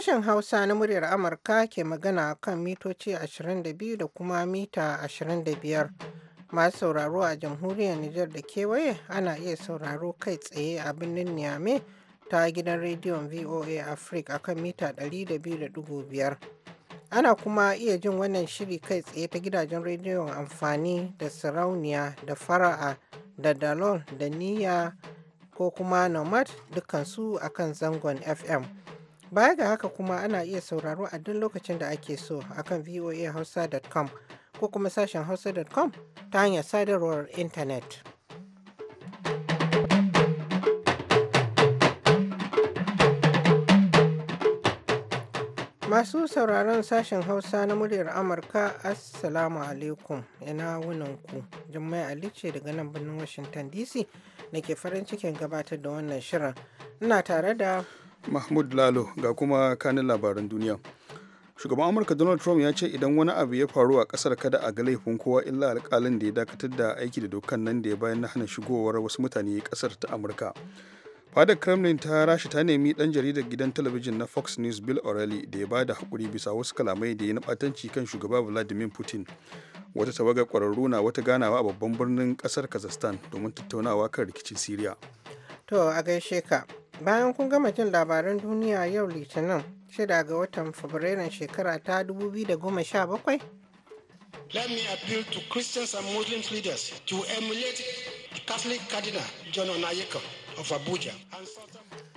Sashen Hausa na muryar Amurka ke magana kan mitoci 22 da kuma mita 25. Masu sauraro a jamhuriyar Nijar da kewaye ana iya sauraro kai tsaye a birnin Niamey ta gidan rediyon VOA Africa akan mita 200.5. Ana kuma iya jin wannan shiri kai tsaye ta gidajen rediyon amfani da sarauniya da fara'a da dalol da niyya ko kuma nomad dukansu akan zangon FM. Baya ga haka kuma ana iya sauraro a duk lokacin da ake so akan voahausa.com ko kuma sashen hausa.com ta hanyar sadarwar intanet. Masu sauraron sashen Hausa na muryar Amurka, Assalamu alaikum, ina ku Jummai Ali ce daga nan birnin Washington DC da ke farin cikin gabatar da wannan shirin. Ina tare da Mahmud Lalo ga kuma kanin labaran duniya. Shugaban Amurka Donald Trump ya ce idan wani abu ya faru a kasar kada a ga laifin kowa illa alkalin da ya dakatar da aiki da dokan nan da ya bayan na hana shigowar wasu mutane kasar ta Amurka. Fadar Kremlin ta rashi ta nemi dan jaridar gidan talabijin na Fox News Bill O'Reilly da ya bada hakuri bisa wasu kalamai da ya na batanci kan shugaba Vladimir Putin. Wata tawagar kwararru na wata ganawa a babban birnin kasar Kazakhstan domin tattaunawa kan rikicin Siriya. To a gaishe ka. Bayan kun gama jin labaran duniya yau Litinin, shida ga watan Fabrairun shekara ta 2017. Let me appeal to Christians and Muslims leaders to emulate the Catholic Cardinal John Onayeka of Abuja.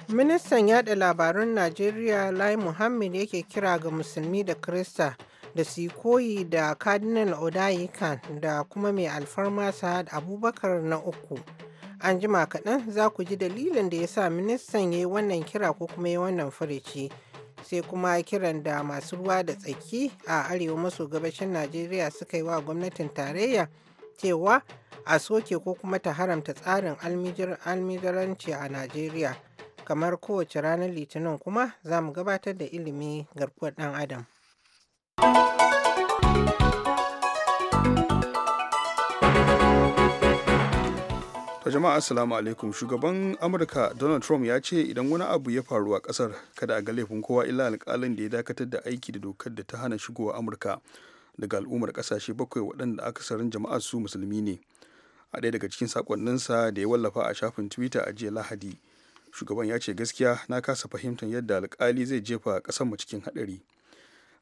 Ministan yaɗa labarun Najeriya Lai Muhammad yake kira ga Musulmi da Krista da su koyi da Cardinal Odayikan da kuma mai alfarma Sa'ad Abubakar na uku. An jima kaɗan za ku ji dalilin da ya sa ministan ya yi wannan kira ko kuma ya wannan furici. Sai kuma kiran da masu ruwa da tsaki a arewa maso gabashin Najeriya suka yi wa gwamnatin tarayya cewa a soke ko kuma ta haramta tsarin almijiranci a Najeriya. Kamar kowace ranar Litinin kuma za mu gabatar da ilimi garkuwar ɗan Adam. jama'a assalamu alaikum shugaban amurka donald trump ya ce idan wani abu ya faru a kasar kada a ga laifin kowa illa alkalin da ya dakatar da aiki da dokar da ta hana shigowa amurka daga al'ummar kasashe bakwai waɗanda akasarin jama'a su musulmi ne a ɗaya daga cikin sakonninsa da ya wallafa a shafin twitter a jiya lahadi shugaban ya ce gaskiya na kasa fahimtar yadda alkali zai jefa ƙasar mu cikin haɗari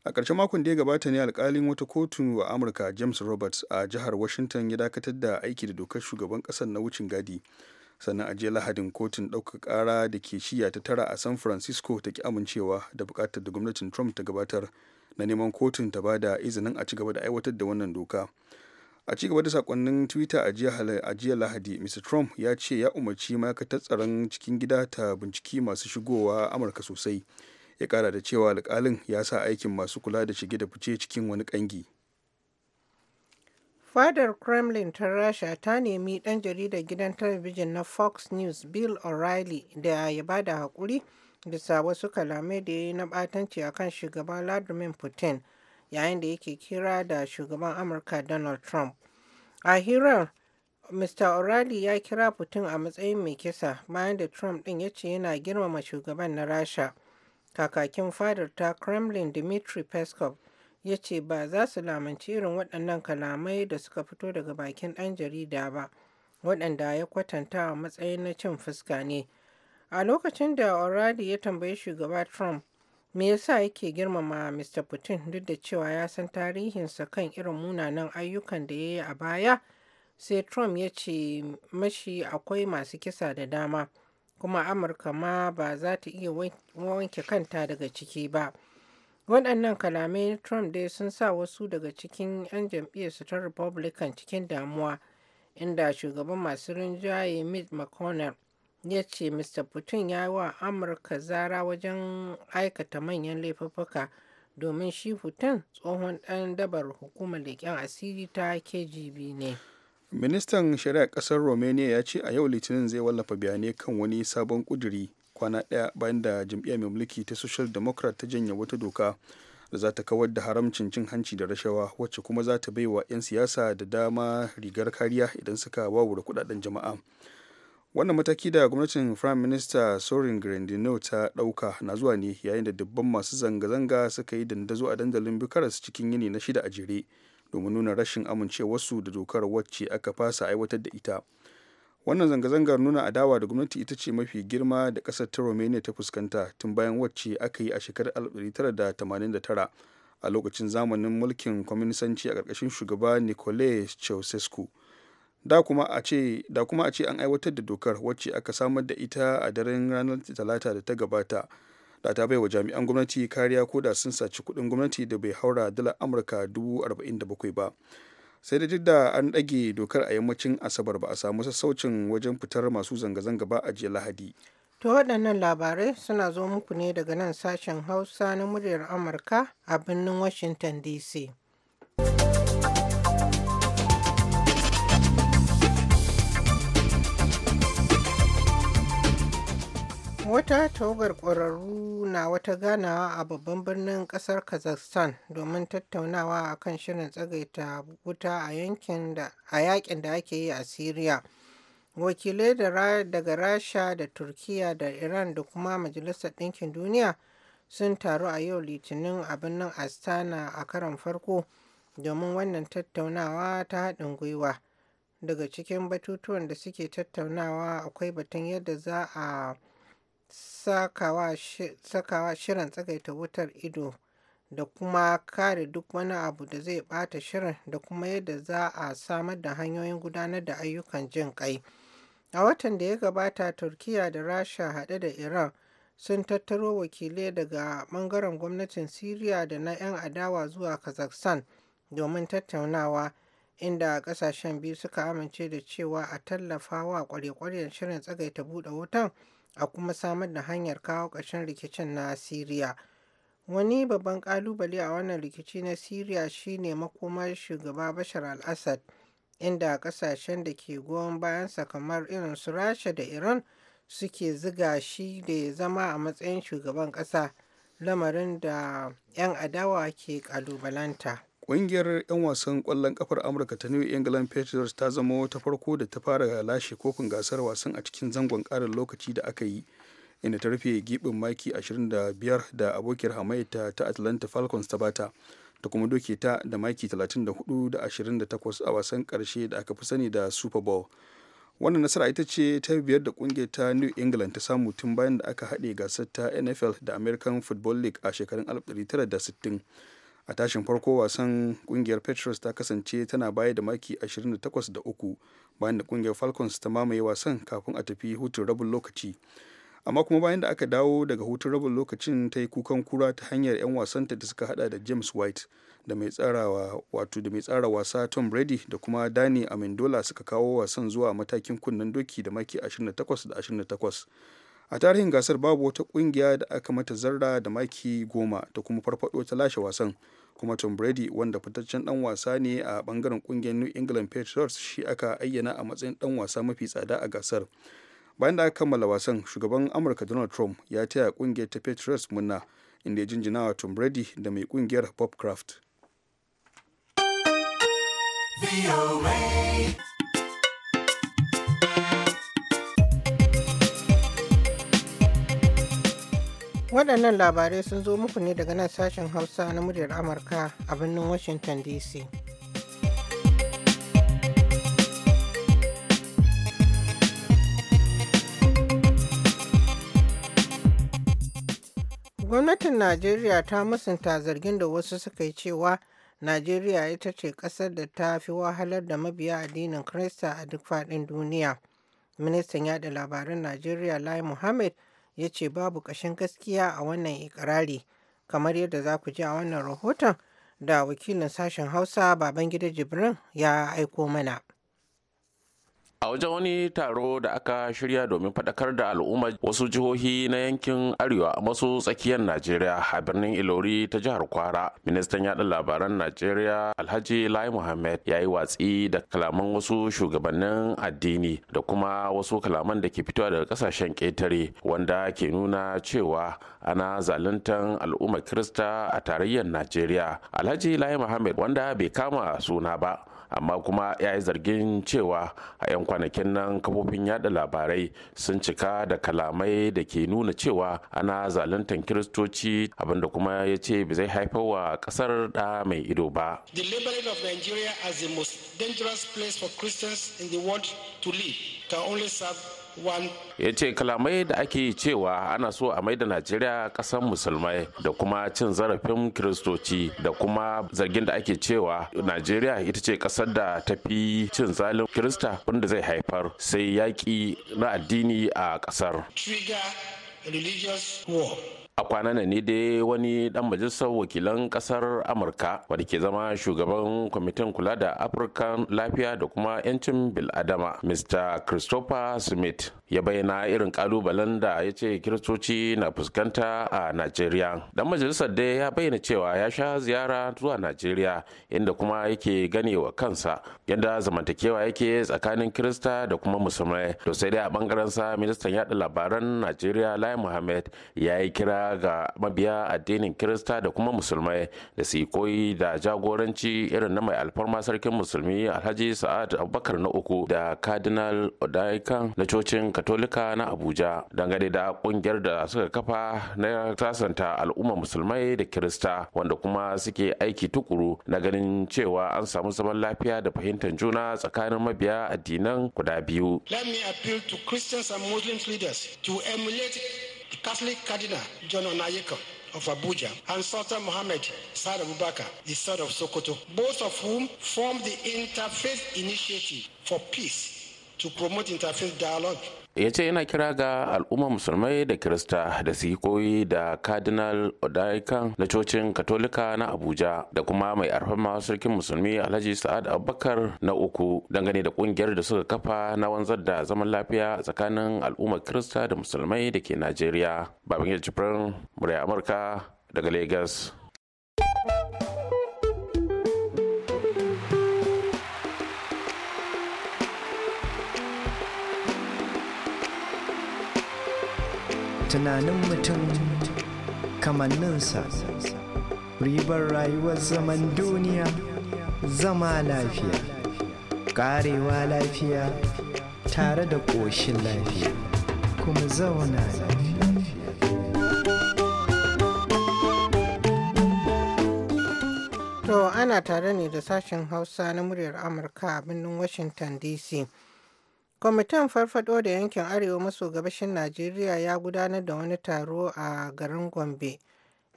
a ƙarshen makon da ya gabata ne alkalin wata kotu a amurka james roberts a jihar washington ya dakatar da aiki da dokar shugaban ƙasar na wucin gadi sannan a jiya lahadin kotun ɗaukar ƙara da ke shiya ta tara a san francisco ta ki amincewa da buƙatar da gwamnatin trump ta gabatar na neman kotun ta ba da izinin a ci gaba da aiwatar da wannan doka a ci gaba da sakonnin twitter a jiya lahadi mr trump ya ce ya umarci ma'aikatar tsaron cikin gida ta binciki masu shigowa amurka sosai ya kara da cewa alkalin ya sa aikin masu kula da shige da fice cikin wani kangi fadar kremlin ta rasha ta nemi dan jaridar gidan talabijin na fox news bill o'reilly da ya ba da haƙuri bisa wasu kalamai da ya yi na batanci akan shugaban vladimir putin yayin da yake kira da shugaban amurka donald trump a hirar mr o'reilly ya kira putin a matsayin mai kisa bayan da trump din ya ce yana girmama shugaban na rasha kakakin fadar ta kremlin dmitry peskov ya ce ba za su lamunci irin waɗannan kalamai da suka fito daga bakin ɗan jarida ba waɗanda ya kwatanta a matsayin na cin fuska ne a lokacin da oradi ya tambayi shugaba trump me yasa yake girmama mr putin duk da cewa ya san tarihinsa kan irin munanan ayyukan da ya yi a baya sai trump ya ce mashi akwai masu kisa da dama kuma amurka ma ba za ta iya wanke kanta daga ciki ba waɗannan kalamai trump dai sun sa wasu daga cikin 'yan jam'iyyarsu ta republican cikin damuwa inda shugaban masu rinjaye mitt mcconnell ya ce mr putin ya yi wa amurka zara wajen aikata manyan laifuffuka domin shi putin tsohon ɗan dabar hukumar leƙen asiri ta kgb ne ministan shari'a kasar romania ya ce a yau litinin zai wallafa bayanai kan wani sabon kuduri kwana daya bayan da jam'iyyar mai mulki ta social democrat ta janye wata doka da za ta kawar da haramcin cin hanci da rashawa wacce kuma za ta baiwa 'yan siyasa da dama rigar kariya idan suka wawura kudaden jama'a wannan mataki da gwamnatin prime minister sorin grandino ta dauka na zuwa ne yayin da dubban masu zanga-zanga suka yi dandazo a dandalin bucharest cikin yini na shida a jere domin nuna rashin amincewarsu da dokar wacce aka fasa aiwatar da ita wannan zanga-zangar nuna adawa da gwamnati ita ce mafi girma da ƙasar ta romania ta fuskanta tun bayan wacce aka yi a shekarar 1989 a lokacin zamanin mulkin kwaminisanci a ƙarƙashin shugaba nicole ceausescu da kuma a ce an aiwatar da dokar wacce aka samar da ita a daren ranar talata da ta gabata da ta baiwa jami'an gwamnati kariya ko da sun saci kuɗin gwamnati da bai haura dala amurka 47 ba sai da duk da an ɗage dokar a yammacin asabar ba a samu sassaucin wajen fitar masu zanga-zanga ba a jiya lahadi to waɗannan labarai suna zo muku ne daga nan sashen hausa na muryar amurka a birnin washington dc Wata tawagar ƙwararru na wata ganawa a babban birnin ƙasar Kazakhstan domin tattaunawa a kan shirin tsagaita wuta a yakin da ake yi a Syria. Wakilai daga Rasha da Turkiya da Iran da kuma Majalisar Ɗinkin Duniya sun taru a yau Litinin a birnin Astana a karon farko domin wannan tattaunawa ta haɗin gwiwa. Daga cikin batutuwan da suke tattaunawa akwai batun yadda za a sakawa shirin tsagaita wutar ido da kuma kare duk wani abu da zai bata shirin da kuma yadda za a samar da hanyoyin gudanar da ayyukan jin kai. A watan da ya gabata, turkiya da Rasha hade da Iran sun tattaro wakilai daga bangaren gwamnatin syria da na 'yan adawa zuwa Kazakhstan domin tattaunawa inda kasashen biyu suka amince da cewa a tallafa wa ƙwarya shirin tsagaita buɗe wutan a kuma samar da hanyar kawo ƙarshen rikicin na Siriya. Wani babban ƙalubale a wannan rikici na Siriya shine makomar shugaba Bashar al-Assad, inda ƙasashen da ke goyon bayansa kamar irin su Rasha da Iran suke ziga shi da ya zama a matsayin shugaban ƙasa, lamarin da 'yan adawa ke ƙalubalanta. Ƙungiyar 'yan wasan kwallon kafar Amurka ta New England Patriots ta zama ta farko da ta fara lashe kofin gasar wasan a cikin zangon karin lokaci da aka yi, inda ta rufe gibin maki 25 da abokiyar hamaita ta Atlanta Falcons ta bata, ta kuma doke ta da maki 34 da 28 a wasan karshe da aka fi sani da Super Bowl. wannan nasara ita ce ta biyar da kungiyar ta new england ta samu tun bayan da aka haɗe gasar ta nfl da american football league a shekarun 1960 a tashin farko wasan kungiyar petros ta kasance tana baya da maki 28 da uku bayan da kungiyar falcons ta mamaye wasan kafin a tafi hutun rabin lokaci amma kuma bayan da aka dawo daga hutun rabin lokacin ta yi kukan kura ta hanyar 'yan wasanta da suka hada da james white da mai tsara wasa tom brady da kuma dani amendola suka kawo wasan zuwa matakin kunnen doki da maki 28 da 28 a tarihin gasar babu wata kungiya da aka mata zarra da maki goma ta kuma farfado ta lashe wasan kuma tom brady wanda fitaccen dan wasa ne a bangaren kungiyar new england patriots shi aka ayyana a matsayin dan wasa mafi tsada a gasar bayan da aka kammala wasan shugaban amurka donald trump ya taya kungiyar ta patriots munna inda ya jinjina tom brady da mai kungiyar bob craft Waɗannan labarai sun zo muku ne daga nan sashen Hausa na muryar Amurka a birnin Washington DC. Gwamnatin Najeriya ta musunta zargin da wasu suka yi cewa Najeriya ita ce ƙasar da ta fi wahalar da mabiya addinin Kirista a duk faɗin duniya. Ministan yada labaran Najeriya Lai Muhammad ya ce babu ƙashin gaskiya a wannan ikirari kamar yadda za ku ji a wannan rahoton da wakilin sashen hausa babangida jibrin ya aiko mana. a wajen wani taro da aka shirya domin faɗakar da al'umma wasu jihohi na yankin arewa maso tsakiyar najeriya a birnin ilori ta jihar kwara ministan yaɗa labaran najeriya alhaji lai muhammad ya yi watsi da kalaman wasu shugabannin addini da kuma wasu kalaman da ke fitowa daga kasashen ƙetare wanda ke nuna cewa ana zaluntan al'ummar kirista a tarayyar najeriya alhaji lai muhammad wanda bai kama suna ba amma kuma ya yi zargin cewa a 'yan kwanakin nan kafofin yada labarai sun cika da kalamai da ke nuna cewa ana zaluntar kiristoci abinda kuma ya ce ba zai haifar wa kasar da mai ido ba the labeling of nigeria as the most dangerous place for christians in the world to live can only serve ya ce kalamai da ake cewa ana so a maida najeriya kasan musulmai da kuma cin zarafin kiristoci da kuma zargin da ake cewa najeriya ita ce kasar da ta fi cin zalin kirista wanda zai haifar sai yaƙi na addini a kasar religious a kwanan ne dai wani dan majalisar wakilan kasar amurka wanda ke zama shugaban kwamitin kula da afirkan lafiya da kuma 'yancin bil'adama mr christopher smith ya bayyana irin kalubalen da ya ce kiristoci na fuskanta a najeriya dan majalisar dai ya bayyana cewa ya sha ziyara zuwa najeriya inda kuma yake gane wa kansa yadda zamantakewa yake tsakanin kirista da kuma musulmai to sai dai a bangaren sa ministan yada labaran najeriya lai muhammad ya yi kira ga mabiya addinin kirista da kuma musulmai da su koyi da jagoranci irin na mai alfarma sarkin musulmi alhaji sa'ad abubakar na uku da cardinal odaikan na cocin katolika na abuja dangane da kungiyar da suka kafa na sasanta al'umma musulmai da kirista wanda kuma suke aiki tukuru na ganin cewa an samu zaman lafiya da fahimtar juna tsakanin mabiya addinan guda biyu christians and to emulate the catholic cardinal john onayeka of Abuja and Sultan Mohammed Sa'ad Abubakar, the son of Sokoto, both of whom formed the Interfaith Initiative for Peace to promote interfaith dialogue ya ce yana kira ga al'ummar musulmai da kirista da su yi koyi da cardinal odaikan na cocin katolika na abuja da kuma mai arfama sarkin musulmi alhaji sa'ad abubakar na uku dangane da kungiyar da suka kafa na wanzar da zaman lafiya tsakanin al'ummar kirista da musulmai da ke najeriya babin jibrin murya amurka daga lagos tunanin mutum kamanninsa ribar rayuwar zaman duniya zama lafiya karewa lafiya tare da ƙoshin lafiya kuma zauna lafiya To ana tare ne da sashen Hausa na muryar Amurka a birnin Washington DC. Kwamitin Farfaɗo da Yankin Arewa maso gabashin Najeriya ya gudanar da wani taro a garin Gombe,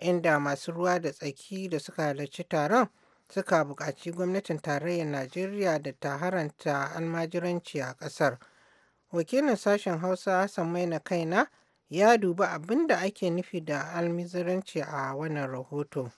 inda masu ruwa da tsaki da suka halarci taron suka buƙaci gwamnatin tarayyar Najeriya da ta haranta almajiranci a ƙasar. Wakilin sashen Hausa Hassan na Kaina ya dubi abin da ake nufi da almajiranci a wannan rahoto.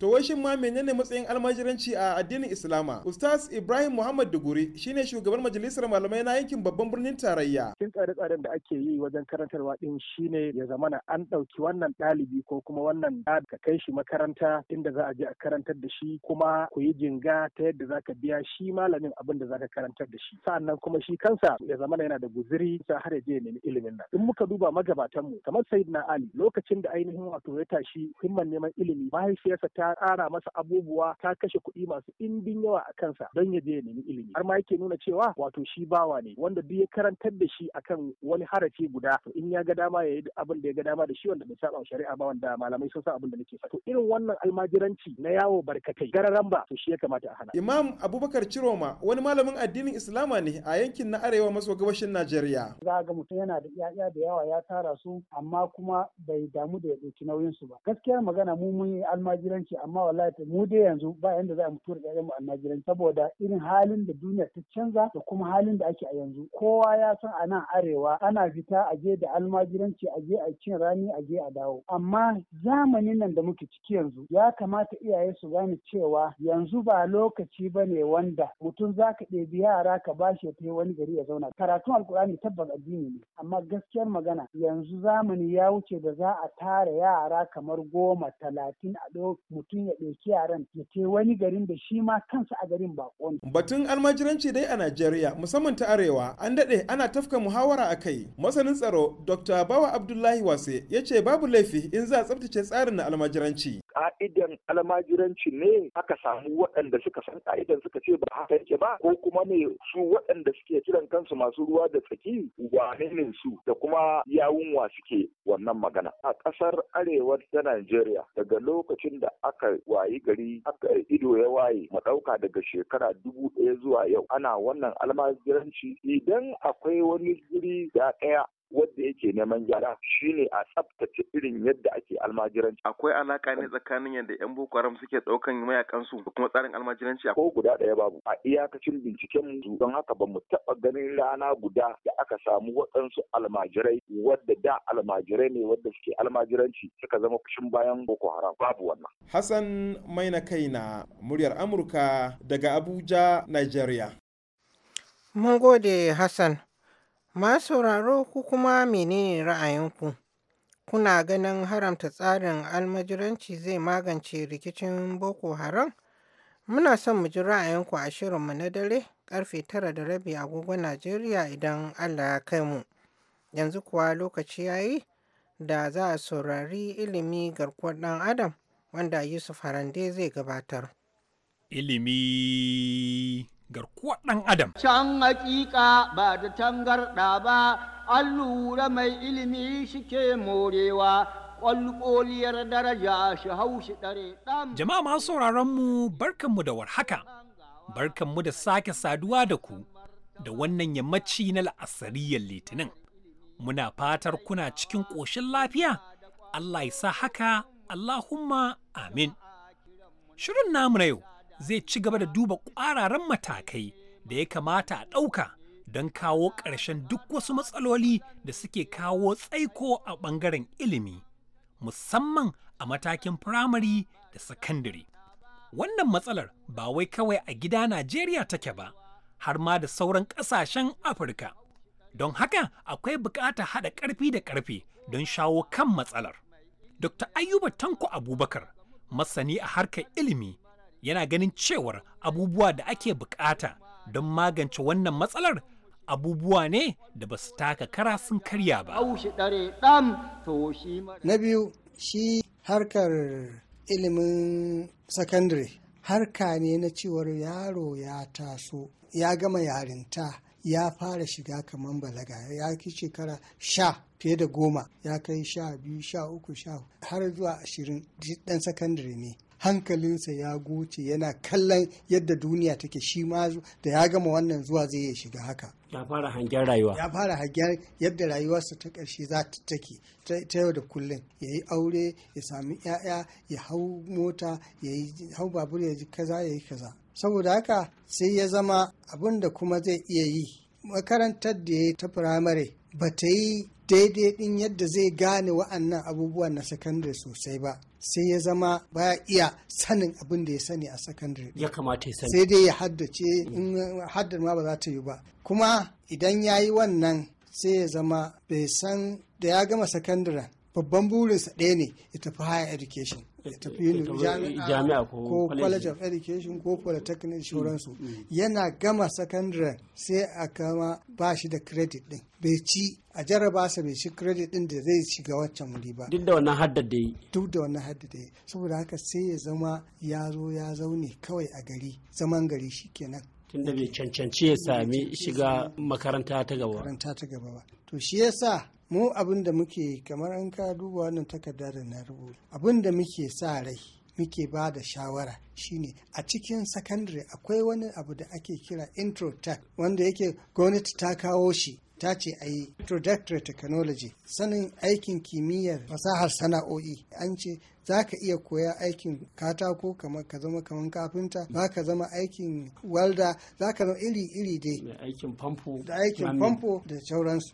To wai shin ma menene matsayin almajiranci a addinin Islama? Ustaz Ibrahim Muhammad Duguri shine shugaban majalisar malamai na yankin babban birnin tarayya. Cikin tsare-tsaren da ake yi wajen karantarwa din shine ya zamana an ɗauki wannan ɗalibi ko kuma wannan da ka kai shi makaranta inda za a je a karantar da shi kuma ku yi jinga ta yadda za ka biya shi malamin abin da za ka karantar da shi. Sa'annan kuma shi kansa ya zamana yana da guziri sa har ya je nemi ilimin nan. In muka duba magabatanmu kamar Sayyidina Ali lokacin da ainihin wato ya tashi himman neman ilimi mahaifiyarsa ta ta ƙara masa abubuwa ta kashe kuɗi masu ɗimbin yawa a kansa don ya je ya nemi ilimi har ma yake nuna cewa wato shi bawa ne wanda duk ya karantar da shi akan wani harafi guda to in ya ga dama ya yi abin da ya ga dama da shi wanda bai saba shari'a ba wanda malamai sun san abin da nake to irin wannan almajiranci na yawo barkatai gararan ba to shi ya kamata a hana imam abubakar ciroma wani malamin addinin islama ne a yankin na arewa maso gabashin najeriya za ga mutum yana da ƴaƴa da yawa ya tara su amma kuma bai damu da ya ɗauki nauyin ba gaskiyar magana mu mun yi almajiranci ce amma wallahi mu dai yanzu ba yanda za mu tura ƴaƴanmu a Najeriya saboda irin halin da duniya ta canza da kuma halin da ake a yanzu kowa ya san a nan arewa ana fita a je da almajiranci a je a cin rani a je a dawo amma zamanin nan da muke ciki yanzu ya kamata iyaye su gane cewa yanzu ba lokaci ba ne wanda mutum za ka ɗebi yara ka ba bashi ta wani gari ya zauna karatun alkur'ani tabbas addini ne amma gaskiyar magana yanzu zamani ya wuce da za a tara yara kamar goma talatin a ɗau mutum ya ɗauki yaran ya ce wani garin da shi ma kansa a garin ba Batun almajiranci dai a Najeriya musamman ta Arewa an daɗe ana tafka muhawara a kai. Masanin tsaro Dr. Bawa Abdullahi Wase ya ce babu laifi in za a tsabtace tsarin na almajiranci. Ka'idan almajiranci ne aka samu waɗanda suka san ka'idan suka ce ba haka yake ba ko kuma ne su waɗanda suke kiran kansu masu ruwa da tsaki wane ne su da kuma yawun wa suke wannan magana. A ƙasar Arewa ta Najeriya daga lokacin da aka aka wayi gari aka ido ya waye mu ɗauka daga shekara dubu ɗaya zuwa yau ana wannan almajiranci idan akwai wani guri da ɗaya Wanda yake neman gyara ne a tsaftace irin yadda ake almajiranci. Akwai alaka ne tsakanin yadda 'yan Boko Haram suke ɗaukan mayakansu da kuma tsarin almajiranci? Ko guda ɗaya babu. A iyakacin binciken mu don haka ba mu taɓa ganin rana guda da aka samu waɗansu almajirai wadda da almajirai ne wadda suke almajiranci suka zama kushin bayan Boko Haram babu wannan. Hassan Maina Kaina muryar Amurka daga Abuja, Nigeria. Mun gode Hassan. Ma sauraro ku kuma menene ra'ayinku? Kuna ganin haramta tsarin almajiranci zai magance rikicin Boko Haram? Muna son mu ji ra'ayinku a shirinmu na dare karfe tara da rabi agogon Najeriya idan Allah ya kai mu. Yanzu kuwa lokaci ya yi da za a saurari ilimi garkuwar ɗan Adam wanda Yusuf Harande zai gabatar. Ilimi garkuwar ɗan adam. Can hakika ba da tangarɗa ba, an lura mai ilimi shike morewa, ƙwalƙoliyar daraja shi hau shi ɗare ɗan. Jama'a masu sauraron mu barkanmu da warhaka, barkanmu da sake saduwa da ku da wannan yammaci na la'asariyar litinin. Muna fatar kuna cikin ƙoshin lafiya, Allah ya sa haka, Allahumma amin. Shirin namu na yau zai ci gaba da duba ƙwararan matakai da ya kamata a ɗauka don kawo ƙarshen duk wasu matsaloli da suke kawo tsaiko a ɓangaren ilimi musamman a matakin firamare da sakandare. Wannan matsalar ba wai kawai a gida Najeriya take ba, har ma da sauran ƙasashen Afirka. Don haka akwai buƙatar haɗa ƙarfi da ƙarfe don shawo kan matsalar. Dr. Ayuba Tanko Abubakar, masani a harkar ilimi, yana ganin cewar abubuwa da ake bukata don magance wannan matsalar abubuwa ne da ba su taka kara sun karya ba. Na biyu shi harkar ilimin sakandare harka ne na cewar yaro ya taso ya gama yarinta ya fara shiga kamar balaga ya ki shekara sha fiye da goma ya kai sha biyu sha uku sha har zuwa ashirin ɗan sakandare ne hankalinsa ya goce yana kallon yadda duniya take shi ma da ya gama wannan zuwa zai ya shiga haka ya fara hangen rayuwa ya fara hangen yadda rayuwarsa ta ƙarshe za ta take ta yau da kullum ya yi aure ya sami 'ya'ya ya hau mota ya yi hau babur ya ji kaza ya yi kaza saboda haka sai ya zama abin da kuma zai iya yi makarantar da ya yi ta firamare ba ta yi daidai din yadda zai gane wa'annan abubuwan na sakandare sosai ba sai ya zama baya iya sanin abin da ya sani a sakandare ya kamata ya sani sai dai ya haddace in haddar ma ba za ta yi ba kuma idan ya yi wannan sai ya zama bai san da ya gama sakandaren babban burinsa ɗaya ne ya tafi higher education ya tafi jami'a ko college of education ko polytechnic insurance mm, mm. yana gama secondary sai a kama ba shi da credit din bai ci a jaraba sa bai ci credit din da zai shiga waccan wuri ba duk da wannan haddar da yi duk da wannan haddar da yi saboda haka sai ya zama ya zo ya zaune kawai a gari zaman gari shikenan tunda bai cancanci ya sami shiga makaranta ta gaba makaranta ta gaba ba to shi yasa mu abin da muke kamar an ka duba wannan takarda da na rubuta abin da muke sa rai muke ba da shawara shine a cikin secondary akwai wani abu da ake kira tech wanda yake gwamnati ta kawo shi ta ce a yi introductory technology sanin aikin kimiyyar fasahar sana'o'i an ce za ka iya koya aikin katako kamar ka zama kamar kafinta za ka zama aikin walda za ka zama iri-iri dai da aikin famfo da aikin famfo da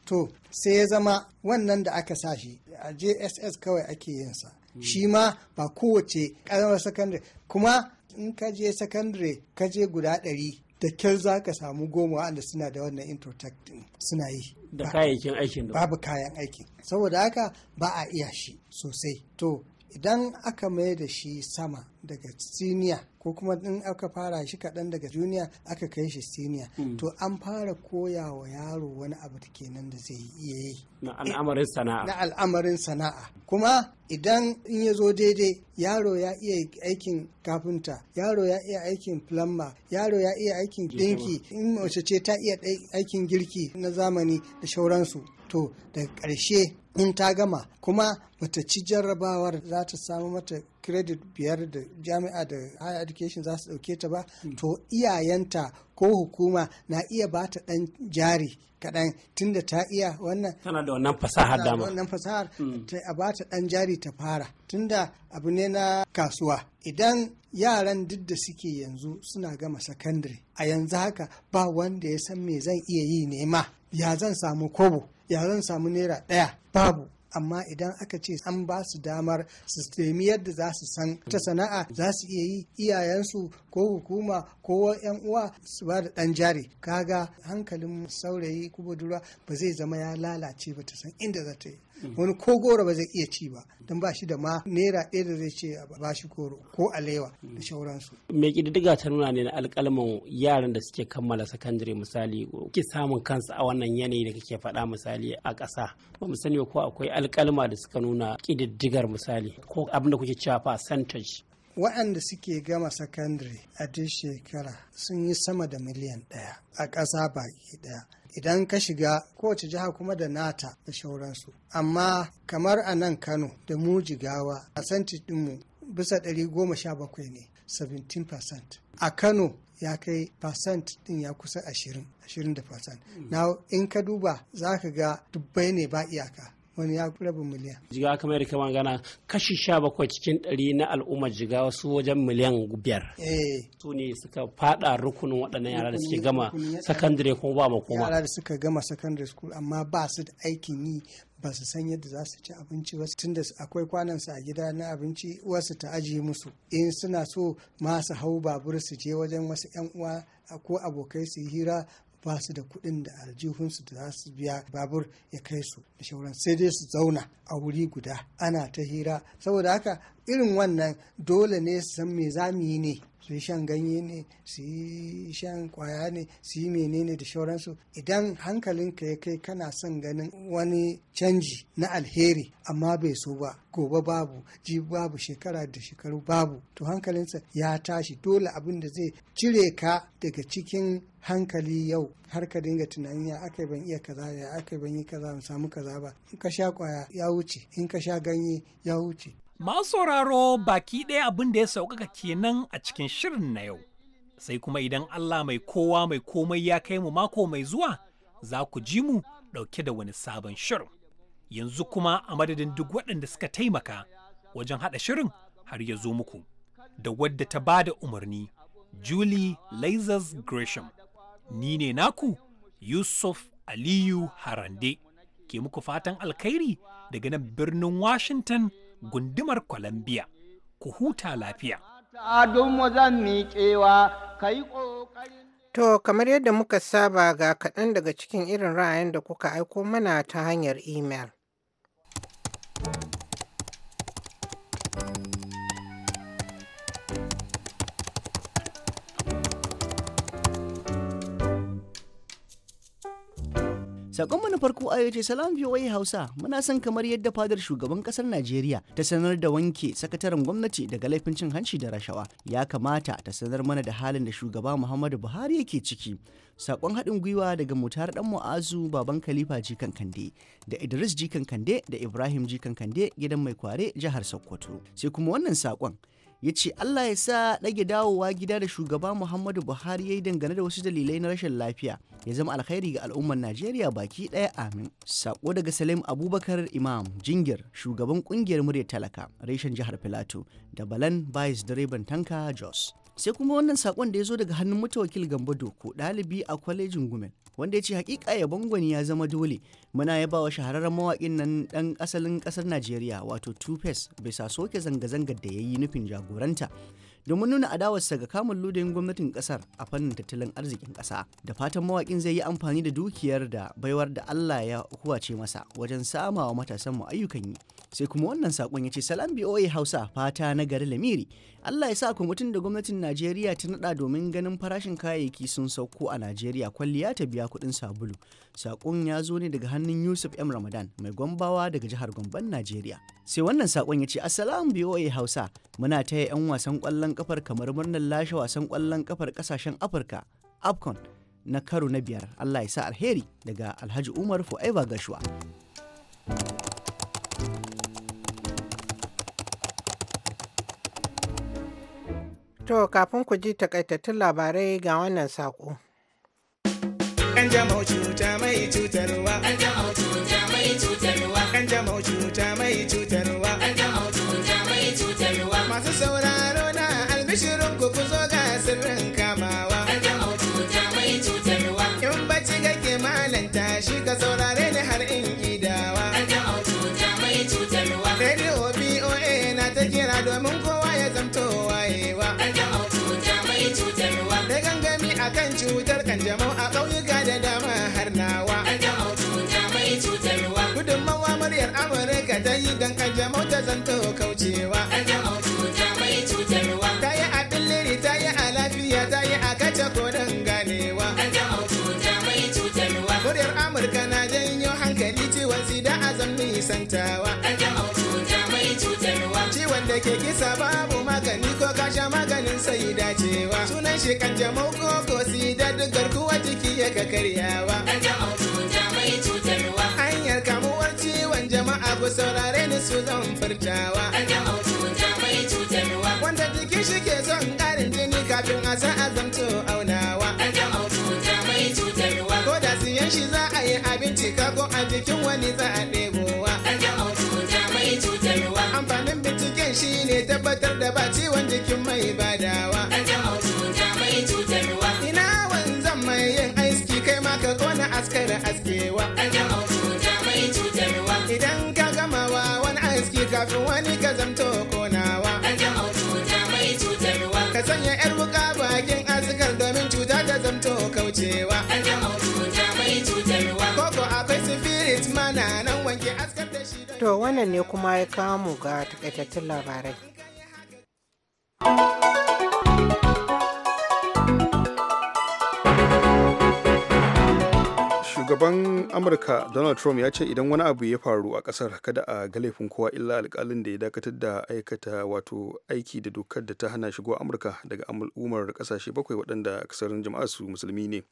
to sai ya zama wannan da aka sa shi a jss kawai ake yinsa hmm. shi ma ba kowace ƙaramar sakandare kuma in ka je sakandare ka je guda ɗari da kyar za ka samu goma wanda suna da wannan introtect suna yi da kayayyakin aikin babu kayan aikin saboda haka ba a iya shi sosai to idan aka mai da shi sama daga siniya ko kuma in aka fara shi kaɗan daga juniya aka kai shi siniya hmm. to an fara koya wa yaro wani abu da kenan da zai iya yi na al'amarin sana'a na al'amarin sana'a kuma idan in ya zo daidai yaro ya iya aikin kafinta yaro ya iya aikin plumber yaro ya iya aikin dinki in mace ce ta iya aikin girki na zamani da shauransu to da ƙarshe in ta gama kuma bata ci jarrabawar za ta samu mata credit biyar da jami'a da higher education za su dauke ta ba hmm. to iyayenta ko hukuma na iya ba ta dan jari kaɗan tunda ta iya wannan tana da wannan fasahar dama wannan fasahar hmm. ta a ba ta dan jari ta fara tunda abu ne na kasuwa idan yaran duk da suke yanzu suna gama sakandare a yanzu haka ba wanda ya san me zan iya yi nema ya zan samu kobo ya zan samu naira ɗaya babu amma idan aka ce an ba su damar su nemi yadda za su san ta sana'a za su iya yi iyayensu ko hukuma ko yan uwa su ba da dan jari kaga hankalin saurayi ko ba zai zama ya lalace ba ta san inda za ta yi wani ko goro ba zai iya ci ba don ba shi da ma naira ɗaya da zai ce ba shi goro ko alewa da shauransu. me ƙididdiga ta nuna ne na alƙalman yaran da suke kammala sakandare misali ke samun kansu a wannan yanayi da kake faɗa misali a ƙasa ba mu sani ko akwai alƙalma da suka nuna ƙididdigar misali ko abin da kuke cewa percentage waɗanda suke gama sakandare a duk shekara sun yi sama da miliyan ɗaya a ƙasa baki ɗaya idan ka shiga kowace jiha kuma da nata da shauransu amma kamar a nan kano da mu jigawa a santi ɗinmu bisa ɗari goma sha bakwai ne 17% a kano ya kai percent din ya kusa 20 20% na in ka duba za ka ga dubbai ne ba iyaka wani ya ba miliyan. Jigawa kamar yadda kama gana kashi sha bakwai cikin ɗari na al'ummar jigawa su wajen miliyan biyar. Eh. Su ne suka fada rukunin waɗannan yara da suke gama sakandare kuma ba makoma. Yara da suka gama sakandare school amma ba su da aikin yi ba su san yadda za su ci abinci wasu tun da akwai kwanansu a gida na abinci wasu ta ajiye musu in suna so ma su hau babur su je wajen wasu 'yan uwa ko abokai su yi hira ba su da kuɗin da aljihunsu da za su biya babur ya kai su da shauran sai dai su zauna a wuri guda ana ta hira saboda haka irin wannan dole ne su san me za mu yi ne su yi shan ganye ne su yi shan kwaya ne su yi menene da shauransu idan hankalinka ya kai kana son ganin wani canji na alheri amma bai so ba gobe babu ji babu shekara da shekaru babu to hankalinsa ya tashi dole abin da zai cire ka daga cikin hankali yau har ka dinga tunanin ya aka ban iya kaza ya aka ban yi kaza samu kaza ba in ka sha kwaya ya wuce in ka sha ganye ya wuce Masu sauraro baki ɗaya abin da ya sauƙaƙa kenan a cikin shirin na yau. Sai kuma idan Allah mai kowa mai komai ya kai mu mako mai zuwa, za ku ji mu ɗauke da wani sabon shirin. Yanzu kuma a madadin duk waɗanda suka taimaka wajen haɗa shirin har ya zo muku. Da wadda ta ba da umarni, Julie Lazars Gresham. Ni ne naku, Yusuf Aliyu Harande. Ke muku fatan alkhairi daga nan birnin Washington gundumar Columbia. Ku huta lafiya. To, kamar yadda muka saba ga kaɗan daga cikin irin ra'ayin da kuka aiko mana ta hanyar imel. Sakonmu na farko a yace salam VOA Hausa muna son kamar yadda fadar shugaban kasar Najeriya ta sanar da wanke sakataren gwamnati daga laifin cin hanci da rashawa ya kamata ta sanar mana da halin da shugaba Muhammadu Buhari yake ciki. Sakon haɗin gwiwa daga mutar dan Mu'azu baban Khalifa Jikan Kande da Idris Jikan Kande da Ibrahim Jikan Kande gidan mai kware jihar Sokoto. Sai kuma wannan sakon ya ce Allah ya sa ɗage dawowa gida da shugaba Muhammadu Buhari ya yi dangane da wasu dalilai na rashin lafiya ya zama alkhairi ga al'ummar Najeriya baki ɗaya amin. Sako daga Salim Abubakar Imam Jingir shugaban ƙungiyar murya talaka reshen jihar Filato da Balan Bayis direban tanka Jos. sai kuma wannan sakon da ya zo daga hannun mutawakil gambo doko ɗalibi a kwalejin gumel wanda ya ce hakika ya bangon ya zama dole muna yaba wa shahararren mawaƙin nan ɗan asalin ƙasar najeriya wato two bai bisa soke zanga-zangar da ya yi nufin jagoranta domin nuna adawarsa ga kamun ludayin gwamnatin kasar a fannin tattalin arzikin kasa da fatan mawakin zai yi amfani da dukiyar da baiwar da Allah ya huwace masa wajen samawa matasan mu ayyukan yi sai kuma wannan sakon ya ce salam BOA Hausa fata na gari Lamiri Allah ya sa kwamitin da gwamnatin Najeriya ta nada domin ganin farashin kayayyaki sun sauko a Najeriya kwalliya ta biya kuɗin sabulu sakon ya zo ne daga hannun Yusuf M Ramadan mai gwambawa daga jihar Gomban Najeriya sai wannan sakon ya ce assalamu BOA Hausa muna taya yan wasan kwallon ƙwallon kafar kamar murnar lashe wasan ƙwallon kafar ƙasashen Afirka AFCON na karo na biyar. Allah ya sa alheri daga Alhaji Umar Fu'aiba Gashuwa. To kafin ku ji takaitattun labarai ga wannan saƙo. An jama'u cuta mai cutarwa. Masu saura ku ku zo ga sirrin kamawa kada hau cuta mai cutarwa in bacci kake malam tashi ka saurare ni har in gidawa kada hau cuta mai cutarwa radio BOA na ta kira domin kowa ya zamto wayewa kada hau cuta mai cutarwa da gangami akan cutar kanjamau a ƙauyuka da dama har nawa kada hau cuta mai cutarwa gudunmawa muryar Amurka ta yi dan kanjamau ta zanto kawai hutawa ciwon da ke kisa babu magani ko kasha maganin sai dacewa sunan shi kan jamau ko ko da duk garkuwa jiki ya ka karyawa hanyar kamuwar ciwon jama'a ku saurare ni su zan furtawa wanda jiki shi ke son karin jini kafin a sa azamto aunawa ko da siyan shi za a yi abinci kako a jikin wani za a ɗebo amfanin binciken shi ne tabbatar da ba ciwon jikin mai badawa ina wanzan mai yin aiki kai ma ka kona askara askewa idan ka gamawa wani aski kafin wani ka zamto To wannan ne kuma ya kawo mu ga takaitattun labarai. Shugaban Amurka Donald Trump ya ce idan wani abu ya faru a kasar kada a ga laifin kowa illa alkalin da ya dakatar da aikata wato aiki da dokar da ta hana shigo Amurka daga al'ummar kasashe bakwai waɗanda kasarin jama'a su musulmi ne.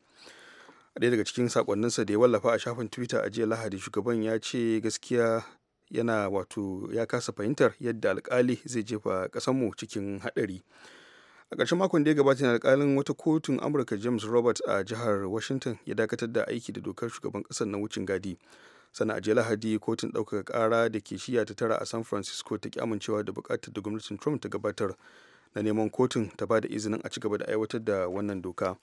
ɗaya daga cikin sakonninsa da ya wallafa a shafin twitter a jiya lahadi shugaban ya ce gaskiya yana wato ya kasa fahimtar yadda alkali zai jefa kasanmu cikin haɗari a ƙarshen makon da ya gabata ne alkalin wata kotun amurka james robert a jihar washington ya dakatar da aiki da dokar shugaban ƙasar na wucin gadi sana a lahadi kotun ɗaukaka ƙara da ke shiya ta tara a san francisco ta ki amincewa da buƙatar da gwamnatin trump ta gabatar na neman kotun ta ba da izinin a ci gaba da aiwatar da wannan doka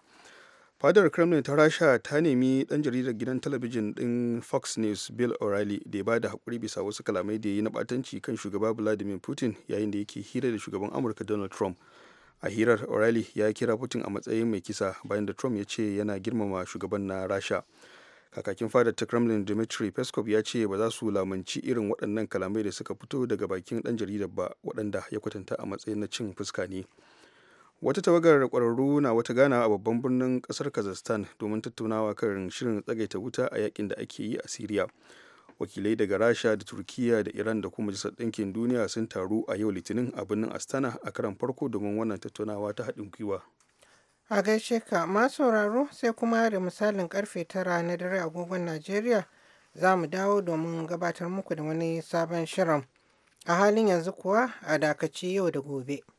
fadar kremlin ta rasha ta nemi dan jaridar gidan talabijin din fox news bill o'reilly da ya ba da haƙuri bisa wasu kalamai da ya yi na batanci kan shugaba vladimir putin yayin da yake hira da shugaban amurka donald trump a hirar o'reilly ya kira putin a matsayin mai kisa bayan da trump ya ce yana girmama shugaban na rasha kakakin fadar ta kremlin dmitry peskov ya ce ba za su lamunci irin waɗannan kalamai da suka fito daga bakin dan jaridar ba waɗanda ya kwatanta a matsayin na cin fuska ne wata tawagar kwararru na wata gana a babban birnin kasar kazakhstan domin tattaunawa kan shirin tsagaita wuta a yakin da ake yi a siriya wakilai daga rasha da turkiya da iran da kuma jisar ɗinkin duniya sun taru a yau litinin a birnin astana a karan farko domin wannan tattaunawa ta haɗin gwiwa a gaishe ka ma sauraro sai kuma da misalin karfe tara na dare agogon najeriya za mu dawo domin gabatar muku da wani sabon shirin a halin yanzu kuwa a dakaci yau da gobe